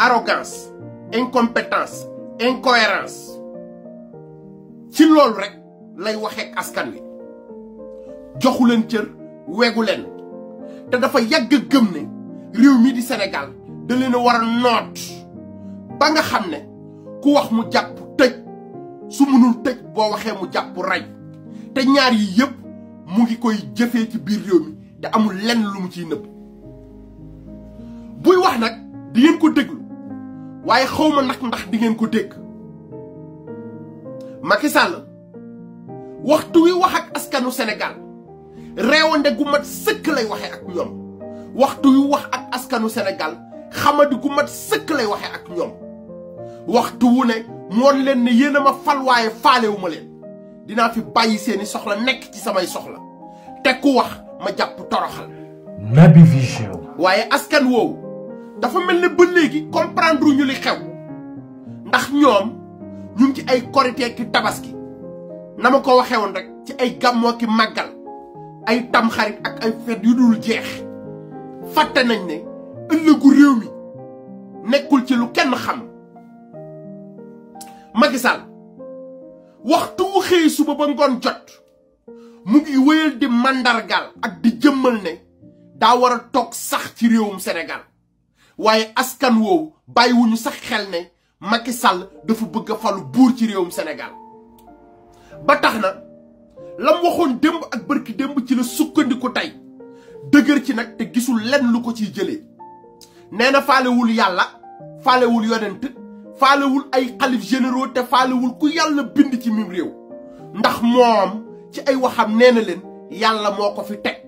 arrogance incompétence incohérence ci loolu rek lay waxee askan wi joxu leen cër wegu leen te dafa yàgg a ne réew mi di Senegal, da leen a war a noot ba nga xam ne ku wax mu jàpp tëj su mënul tëj boo waxee mu jàpp rey te ñaar yi mu ngi koy ci biir mi amul lenn lu mu ciy nëbb buy wax nag di ngeen ko waaye xaw ma nag ndax di ngeen ko dégg Macky Sall waxtu wi wax ak askanu Sénégal réewande gu mat sëkk lay waxee ak ñoom waxtu wi wax ak askanu senegal xamadi gu mat sëkk lay waxee ak ñoom waxtu wu ne moon leen ne yéen a ma fal waaye faalewu ma leen dinaa fi bàyyi seeni soxla nekk ci samay soxla te ku wax ma jàpp toroxal. Naby Vision. waaye askan woowu. dafa melni ba legui comprendre ñu li xew ndax ñom ñu ci ay korité ki tabaski nama ko waxé won rek ci ay gàmmoo ki magal ay xarit ak ay fet yu dul jeex faté nañ ne ëllëgu réew mi nekkul ci lu kenn xam Macky Sall waxtu wu xey suba ba ngon jot mu ngi wëyel di mandargal ak di jëmmal ne da wara a sax ci réewum Sénégal waaye askan woowu bàyyiwuñu sax xel ne Macky Sall dafa bëgg a falu buur ci réewum Sénégal ba tax na lam waxoon démb ak bërki démb ci la sukkandiku tey dëgër ci nag te gisul lenn lu ko ciy jëlee nee na faalewul yàlla faalewul yonent faalewul ay xalif généraux te faalewul ku yàlla bind ci mim réew ndax moom ci ay waxam nee na leen yàlla moo ko fi teg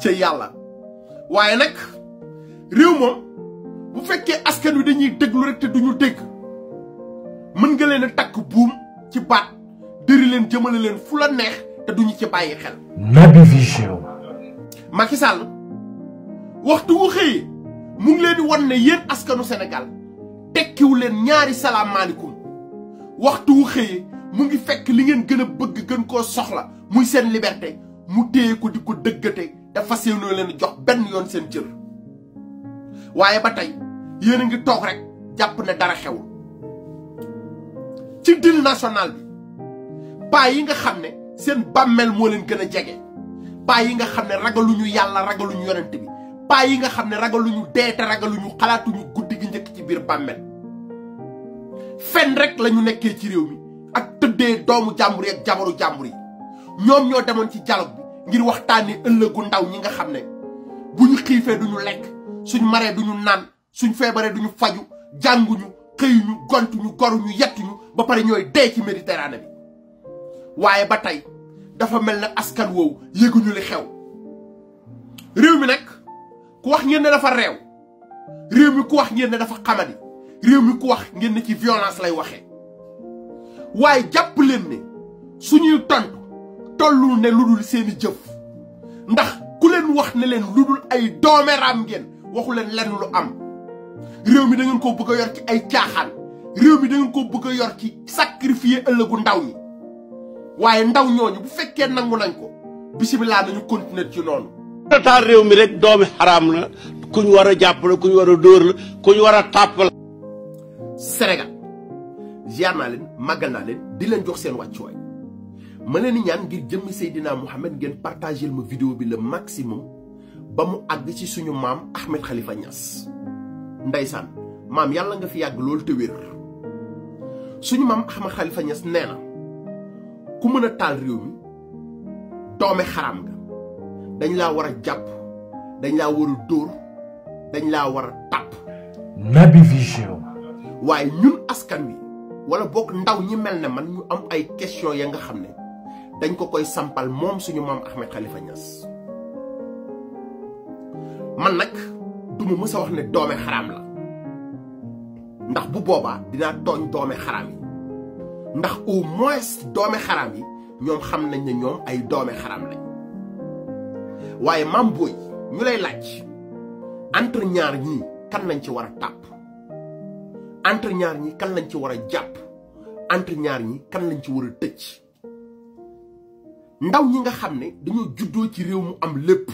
ca yàlla waaye nag réew moom bu fekkee askan wi dañuy déglu rek te duñu dégg mën nga leen a takk buum ci baat dëri leen jëmale leen fu la neex te duñu ci bàyyi xel. Naby Vision. Macky Sall waxtu wu xëyee mu ngi leen di wan ne yéen askanu Sénégal tekkiwu leen ñaari salaamaaleykum waxtu wu xëyee mu ngi fekk li ngeen gën a bëgg gën koo soxla muy seen liberté mu téye ko di ko dëggate te fas yéenoo leen jox benn yoon seen jël. waye ba tay yéen ngi rek japp ne dara xew ci dil national bi paa yi nga xamne ne seen bàmmeel moo leen gën a jege yi nga ragalu ñu yalla ragalu ñu yonent bi pa yi nga ragalu ñu déte ragalu ñu xalaatu ñu guddi gi ñëk ci biir bammel fen rek lañu nekké ci réew mi ak doomu jàmbur ak jàmbur yi ñoo demoon ci dialogue bi ngir ëllëgu ndaw ñi nga xamne buñu duñu lekk suñ maré duñu nan suñ feebaree duñu faju janguñu xeyñu gontuñu goruñu yettuñu ba paré ñoy dé ci méditerranée bi wayé ba tay dafa mel askan wo yeguñu li xew réew mi nak ku wax ngeen dafa réew réew mi ku wax ngeen dafa xamadi réew mi ku wax ngeen ci violence lay waxé waaye japp leen ne suñuy tontu tollu ne luddul seeni jëf ndax ku leen wax ne leen luddul ay doomeraam ngeen waxu leen lenn lu am réew mi da ngeen ko bëgg a yor ci ay caaxaan réew mi da ko bëgg yor ci sacrifier ëllëgu ndaw ñi waaye ndaw ñooñu bu fekkee nangu nañ ko bisimilah nañu continuer ci noonu. taal réew mi rek doomi xaraam la ku ñu war a jàpp la ku ñu war a dóor la ku ñu war a tàpp la. Sénégal ziar naa leen màggal naa leen di leen jox seen wàccuwaay ma leen di ñaan ngir jëmmi Seydina Mouhamed ngeen partagé ma vidéo bi le maximum. ba mu àgg ci suñu maam Ahmed Khalifa Niass ndeysaan maam yàlla nga fi yàgg loolu te wér suñu maam Ahmed Khalifa Niass nee na ku mën a taal réew mi doome xaraam nga dañ laa war a jàpp dañ la war a dóor dañ laa war a tàpp. Naby Vision. waaye ñun askan wi wala bokk ndaw ñi mel ne man ñu am ay question ya nga xam ne dañ ko koy sampal moom suñu maam Ahmed Khalifa Niass. man nag du ma mës a wax ne doome xaraam la ndax bu boobaa dinaa tooñ doome xaraam yi ndax au moins doome xaraam yi ñoom xam nañ ne ñoom ay doome xaraam lañ waaye maam booy ñu lay laaj entre ñaar ñii kan lañ ci war a tàpp entre ñaar ñi kan lañ ci war a jàpp entre ñaar ñi kan lañ ci war a tëj ndaw ñi nga xam ne dañoo juddoo ci réew mu am lépp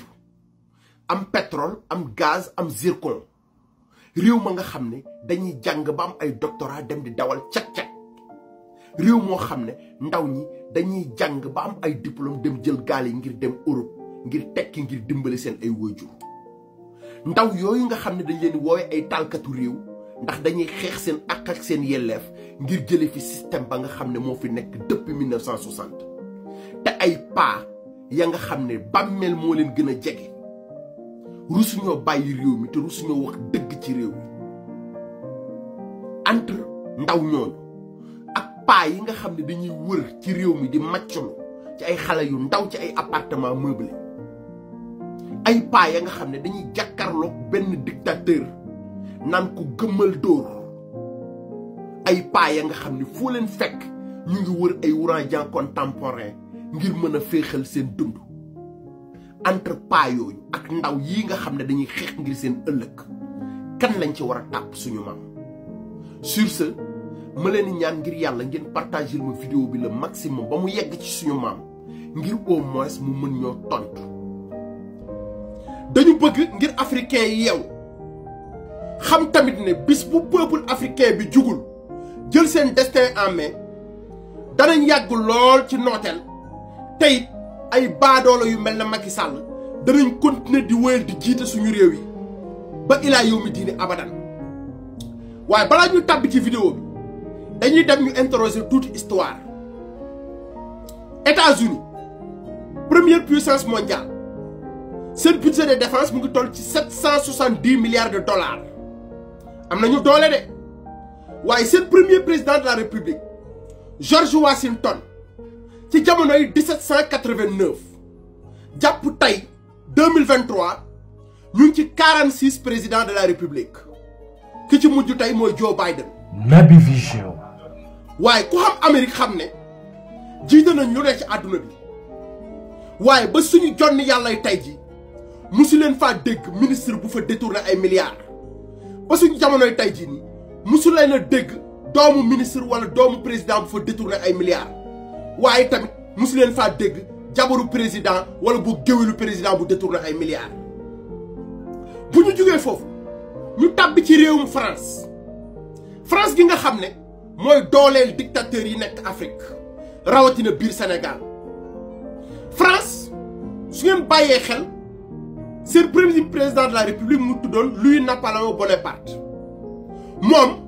am petrole am gaz am zircon réew ma nga xam ne dañuy jàng ba am ay doctorat dem di dawal cag-cag réew moo xam ne ndaw ñi dañuy jàng ba am ay diplôme dem jël gaal yi ngir dem Europe ngir tekki ngir dimbali seen ay waajur ndaw yooyu nga xam ne dañ leen woowe ay tàlkatu réew ndax dañuy xeex seen àq ak seen yelleef ngir jële fi système ba nga xam ne moo fi nekk depuis 1960 te ay paa ya nga xam ne bàmmeel moo leen gën a jege rusuñoo bàyyi réew mi te rusuñoo wax dëgg ci réew mi entre ndaw ñooñu ak paa yi nga xam ne dañuy wër ci réew mi di màcculu ci ay xale yu ndaw ci ay appartement meublé ay paa ya nga xam ne dañuy jàkkarloog benn dictateur naan ko gëmmal dóor ay paa ya nga xam ni foo leen fekk ñu ngi wër ay ouragans contemporains ngir mën a féexal seen dund entre pas yooyu ak ndaw yi nga xam ne dañuy xeex ngir seen ëllëg kan lañ ci war a tàpp suñu maam sur ma leen ñaan ngir yàlla ngeen partagé ma vidéo bi le maximum ba mu yegg ci suñu maam ngir au moins mu mën ñoo tontu dañu bëgg ngir africain yi yow xam tamit ne bis bu peuple africain bi jugul jël seen destin en main danañ yàgg lool ci nooteel tey ay baadoolo yu mel na Macky Sall danañ continuer di wéyal di jiite suñu réew yi ba ilaa yow mi diine abadan waaye balaa ñu tàbbi ci vidéo bi dañuy dem ñu interroger toute histoire États-Unis première puissance mondiale seen budget de défense mu ngi toll ci sept cent soixante dix milliards de dollars am nañu doole de waaye seen premier président de la république George Washington ci jamono yi 1789 jàpp tey 2023 ñu ngi ci 46 président de la république ki ci mujj tey mooy Joe Biden. Naby Vision. waaye ku xam Amérique xam ne jiite nañ lu ne ci àdduna bi waaye ba suñu jonn yàllay tey ji musu leen faa dégg ministre bu fa détourner ay milliards ba suñu jamonoy tey jii nii musu leen a dégg doomu ministre wala doomu président bu fa détourner ay milliards waye tamit musu leen faa dégg jaboru président wala bu géwélu président bu détourné ay milliards buñu ñu fofu ñu tàbbi ci réewum France France gi nga xamné moy mooy dictateur yi nekk Afrique rawatina bir Sénégal France su ngeen bàyyee xel le premier président de la République mu tuddoon Louis Napoléon Bonaparte mom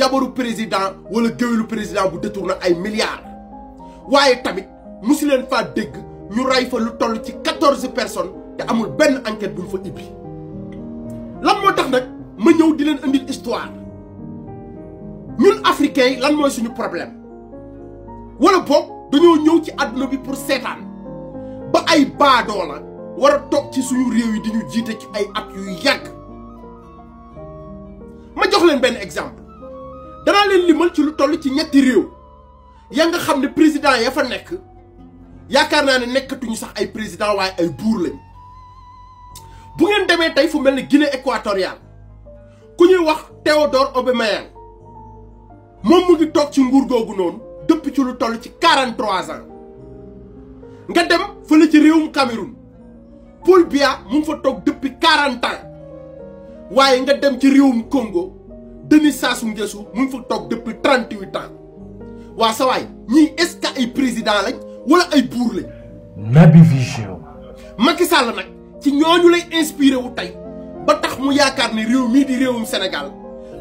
Le président wala le président bu détourné ay milliards waye tamit musu ñu toll ci personnes te amul ben enquête buñ fa ibbi lan mo tax nak ma ñew di histoire ñun africains lan suñu problème wala ci pour ba ay baadoo la war tok ci suñu réew yi di ñu ci ay at yu exemple danaa leen limal ci lu toll ci ñetti réew yaa nga xam ne président ya fa nekk yaakaar naa ne nekkatuñu sax ay président waaye ay buur lañ bu ngeen demee tey fu mel ne Guinée équatoriale ku ñuy wax Théodore Obiang moom mu ngi toog ci nguur googu noonu dëpp ci lu toll ci 43 ans nga dem fële ci réewum Cameroun Paul Biya mu ngi fa toog depuis 40 waaye nga dem ci réewum Congo. Denis Sassou Nguesso mu ngi fa toog depuis trente huit ans waa sa waay ñii ce que ay président lañ wala ay buur lañ. Naby Vision. Macky Sall nag ci ñooñu lay inspiré wu tey ba tax mu yaakaar ni réew mii di réewum Sénégal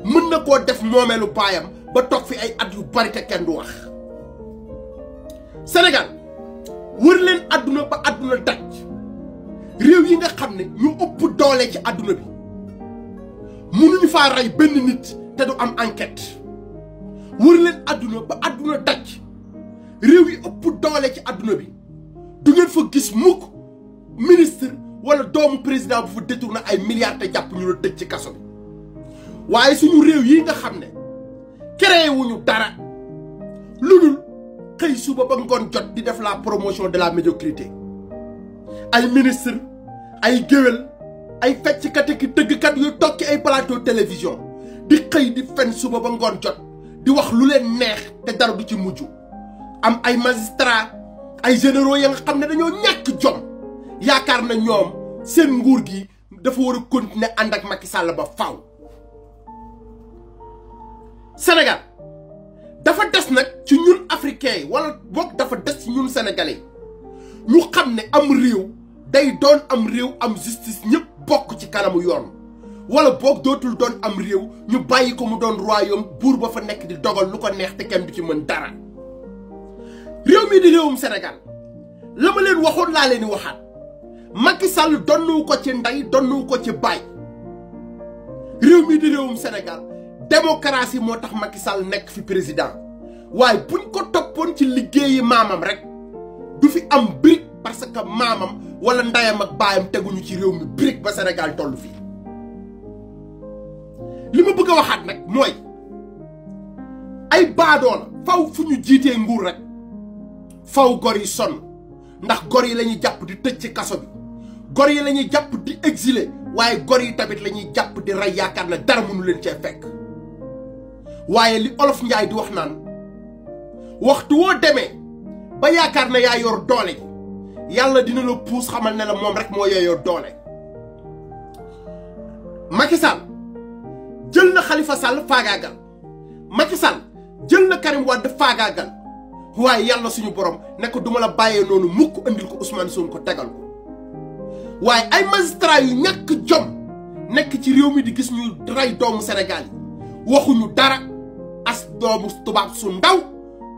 mën na koo def moomeelu baayam ba toog fi ay at yu bari te kenn du wax. Sénégal wër àdduna ba àdduna daj réew yi nga xam ne ñu ëpp doole ci àdduna bi. mënuñu faa rey benn nit te du am enquête wër leen adduna ba adduna daj réew yi ëpp doole ci adduna bi du ngeen fa gis mukk ministre wala doomu président bu fa détourné ay milliards te jàpp ñu la tëj ci kaso bi waaye suñu réew yi nga xam ne créé wuñu dara lu xëy suba ba ngoon jot di def la promotion de la médiocrité ay ministre ay géwél ay fecckat ak dëggkat yu toog ci ay plateau télévision di xëy di fen suba ba ngoon jot di wax lu leen neex te dara du ci mujj am ay magistrat ay généraux ya nga xam ne dañoo ñàkk jom yaakaar na ñoom seen nguur gi dafa war a continuer ànd ak Macky Sall ba faw senegal dafa des nag ci ñun africains yi wala boog dafa des ci ñun sénégalais ñu xam ne am réew day doon am réew am justice ñëpp bokk ci kanamu yoon wala boog dootul doon am réew ñu bàyyi ko mu doon royaume buur ba fa nekk di dogal lu ko neex te kenn du ci mën dara réew mi di réewum Sénégal la ma leen waxoon laa leen di waxaat Macky Sall donnu ko ci ndey donnu ko ci baay réew mi di réewum Sénégal démocratie moo tax Macky Sall nekk fi président waaye buñ ko toppoon ci liggéeyi maamam rek du fi am birig parce que maamam wala ndayam ak baayam teguñu ci réew mi brique ba Sénégal toll fii li ma bëgg a waxaat nag mooy ay baadoo la faw fu ñu jiitee nguur rek faw gor yi sonn ndax gor yi lañuy ñuy jàpp di tëj ci kaso bi gor yi lañuy ñuy jàpp di exilé waaye gor yi tamit la ñuy jàpp di rey yaakaar na dara mënu leen cee fekk waaye li olof njaay di wax naan waxtu woo demee ba yaakaar na yaa yor doole ji yàlla dina la puus xamal ne la moom rek moo yeyoo doole Macky Sall jël na Khalifa Sall faagaagal Macky Sall jël na Karim faagaagal waaye yàlla suñu borom ne ko duma la bàyyee noonu mukk andil ko Ousmane Sonko tegal ko waaye ay magistrat yu ñàkk jom nekk ci réew mi di gis ñu rey doomu Sénégal yi waxuñu dara as doomu tubaab su ndaw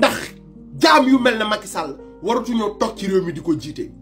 ndax jaam yu mel ne war Sall waratuñoo toog ci réew mi di ko jiite